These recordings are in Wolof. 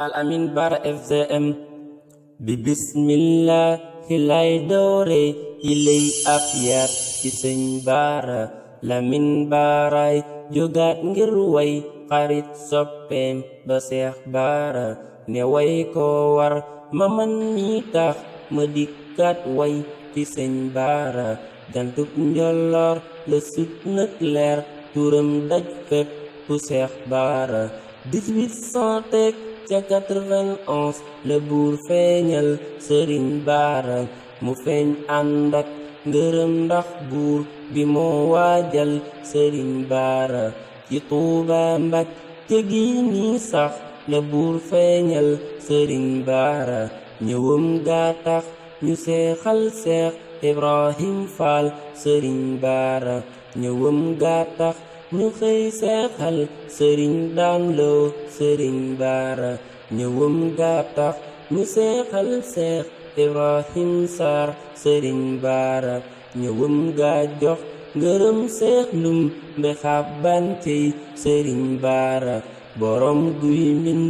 Alamin amin Bar FZM Bi bismillah hilai dore hilai afiat kiseng bara lamin barai juga ngeruai karit sopem baseh bara newai kowar maman mitah medikat wai kiseng bara gantuk njolor lesut nukler turem dajfek puseh bara 18 santek ca 91 le buur feeñal sëriñ baara mu feeñ ànd ak ndax buur bi moo waajal sëriñ baara ci tuuba mbag te gi nii sax le buur feeñal sëriñ baara ñëwam gaa tax ñu seexal seex ibrahim faal sëriñ baara ñëwam gaa tax ñu xëy seexal sëriñ daam loo sëriñ baara ñëwam gaa tax ñu seexal seex ibrahim saar sëriñ baara ñëwam gaa jox ngërëm seex lum mbe xàbbante sëriñ baara borom guy min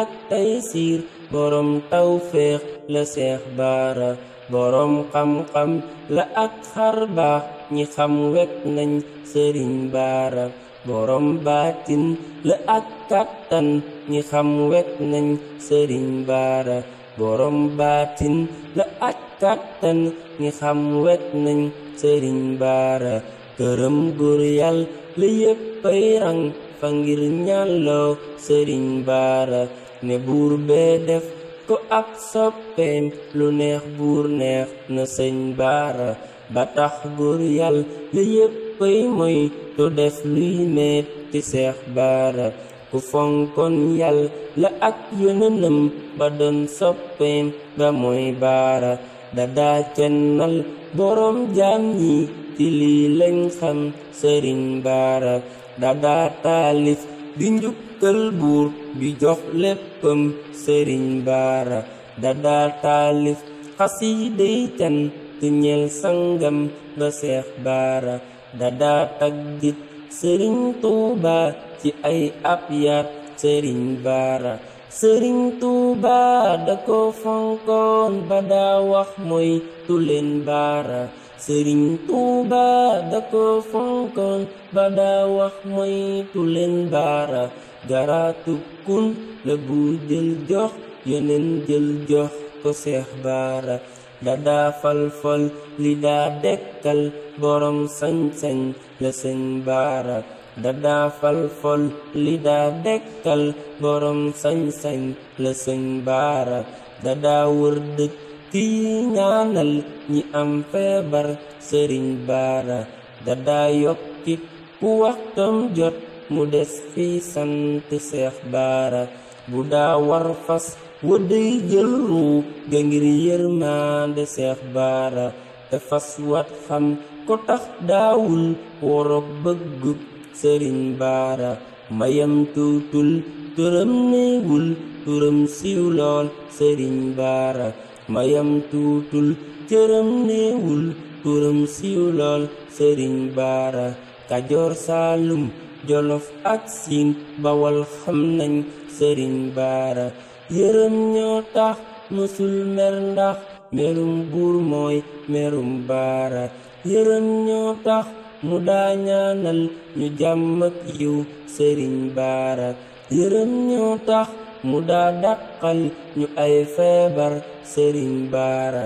ak tay siir borom taw feex la seex baara boroom xam-xam la ak xar baax ñi xam wet nañ sëriñ baara boroom baatin la ak kàttan ñi xam wet nañ sëriñ baara borom baatin la ak kàttan ñi xam wet nañ sëriñ baara këram gur yàll la yéppay rang fa ngir ñàlloo sëriñ baara ne buur bee def ku ak soppeem lu neex buur neex na sëñ baara ba tax buur yàlla li yëppay moy tu def luy metti seex baara ku fonkon yàlla la ak yonenam ba doon soppeem ba mooy baara da daa kennal boroom jaam ñi ci lii lañ xam sëriñ baara da taalif di njukkal buur bi jox léppam sëriñ baara dadaa taalif xasiiday can te ñeel sangam ba seex baara dadaa taggit sëriñ tuuba ci ay ab yaat sëriñ baara sëriñ tuuba da ko fonkoon ba daa wax mooy tu baara sëriñ Tuuba da ko fonkoon ba daa wax moytu leen baara garaatu kun la bu jël jox yeneen jël jox ko seex baara da daa falfal li daa dekkal borom sañ-sañ la sëñ baara da daa falfal li daa dekkal borom sañ-sañ la sëñ baara da daa wër dëkk tinganal ni am feebar sëriñ baara da daa yokki ku waxtam jot mu des gelu bara buda warfas bu jeru gengir yerma wëddëy jël bara wat fam kotak daul worok bëggub mayam tutul turam néewul turam siulol sering bara mayam tuutul cëram néewul turam siiw lool sëriñ baara kajoor saalum jolof ak siin bawal xam nañ sëriñ baara yërëm ñoo tax mësul mer ndax merum buur mooy merum baara yërëm ñoo tax mu daa ñaanal ñu jàmm ak yiw sëriñ baara yërëm ñoo tax mu daa dàqal ñu ay feebar sëriñ baara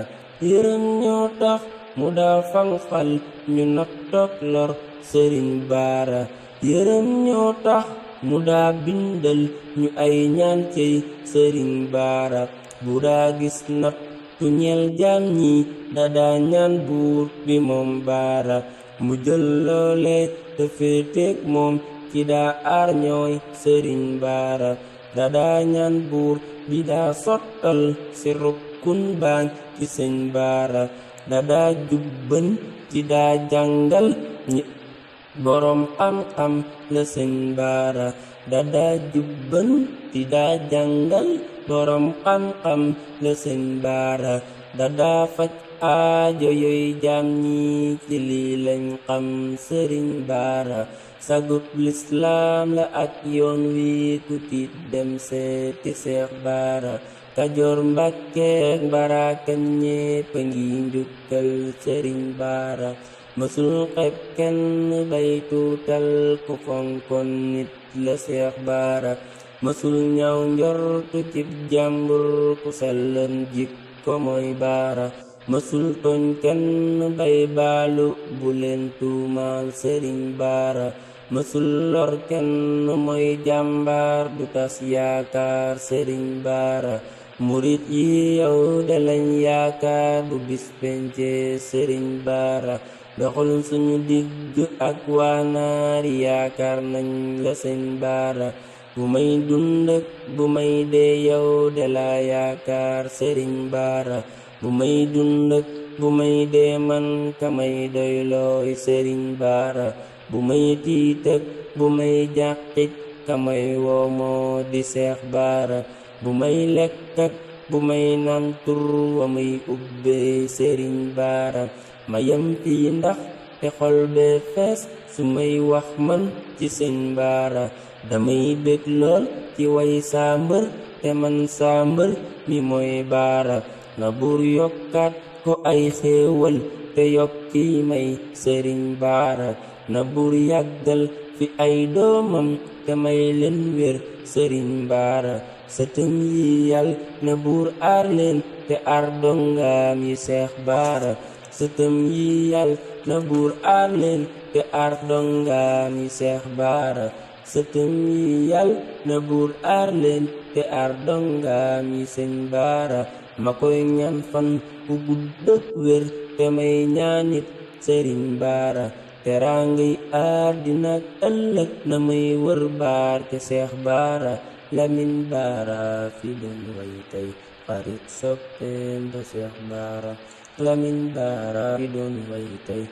yërëm ñoo tax mu daa fanqal ñu nattoog lor sëriñ baara yërëm ñoo tax mu daa bindal ñu ay ñaan cey sëriñ baara bu daa gis nat tu ñeel jaam yi da daa ñaan buur bi moom baara mu jël loole te féeteeg moom ki daa aar ñooy sëriñ baara da daa buur bi daa sottal si rukkun baañ ci sëñ baara da daa jubban ci daa jàngal ñi boroom xam-xam la sëñ baara da daa jubban ci daa jàngal boroom xam-xam la baara da faj aajo yuy jaam ñi ci lii lañ xam sëriñ baara sagub lislaam la ak yoon wi ku tiit dem seeti seex baara kajoor mbàkkeek baraaka ñépp a ngi njukkal sëriñ baara mësul xeb kenn bay tuutal ku fonkon nit la seex baara mësul ñaw njortu cib jàmbur ku sellan jik ko mooy baara mësul tooñ kenn bay baalu bu leen tuumaal sëriñ baara mësul lor kenn mooy jàmbaar du tas yaakaar sëriñ baara murit yi yow dalañ yaakaar bu bis pence sëriñ baara doxul suñu digg ak waanaar yaakaar nañ la sëñ baara bu may dund ak bu may dee yow dalaa yaakaar sëriñ baara bu may dund bu may dee man kamay doylooy sëriñ baara bu may tiit ak bu may jàqit kamay woo moo di seex baara bu may lekk ak bu may naan tur wa may ubbee sëriñ baara ma yem fii ndax te xol bee fees su may wax man ci sëñ baara damay bég lool ci way saa mbër te man saa mbër mi mooy baara na buur yokkaat ko ay xéewal te yokki may sëriñ baara na buur yàggal fi ay doomam te may leen wér sëriñ baara sëtëm yi yàlla na buur aar leen te aar dongaam seex baara sëtëm yi yal na buur aar leen te aar seex baara sëtëm yi yàlla na buur aar leen te aar dongaam yi sëñ baara ma koy ñaan fan bu gudd ak te may ñaanit sëriñ baara teraangay àddina ak ëllëg na may wër baar te seex baara lamin baara fi doon way tey xarit soppeem seex baara lamin baara fi doon way tey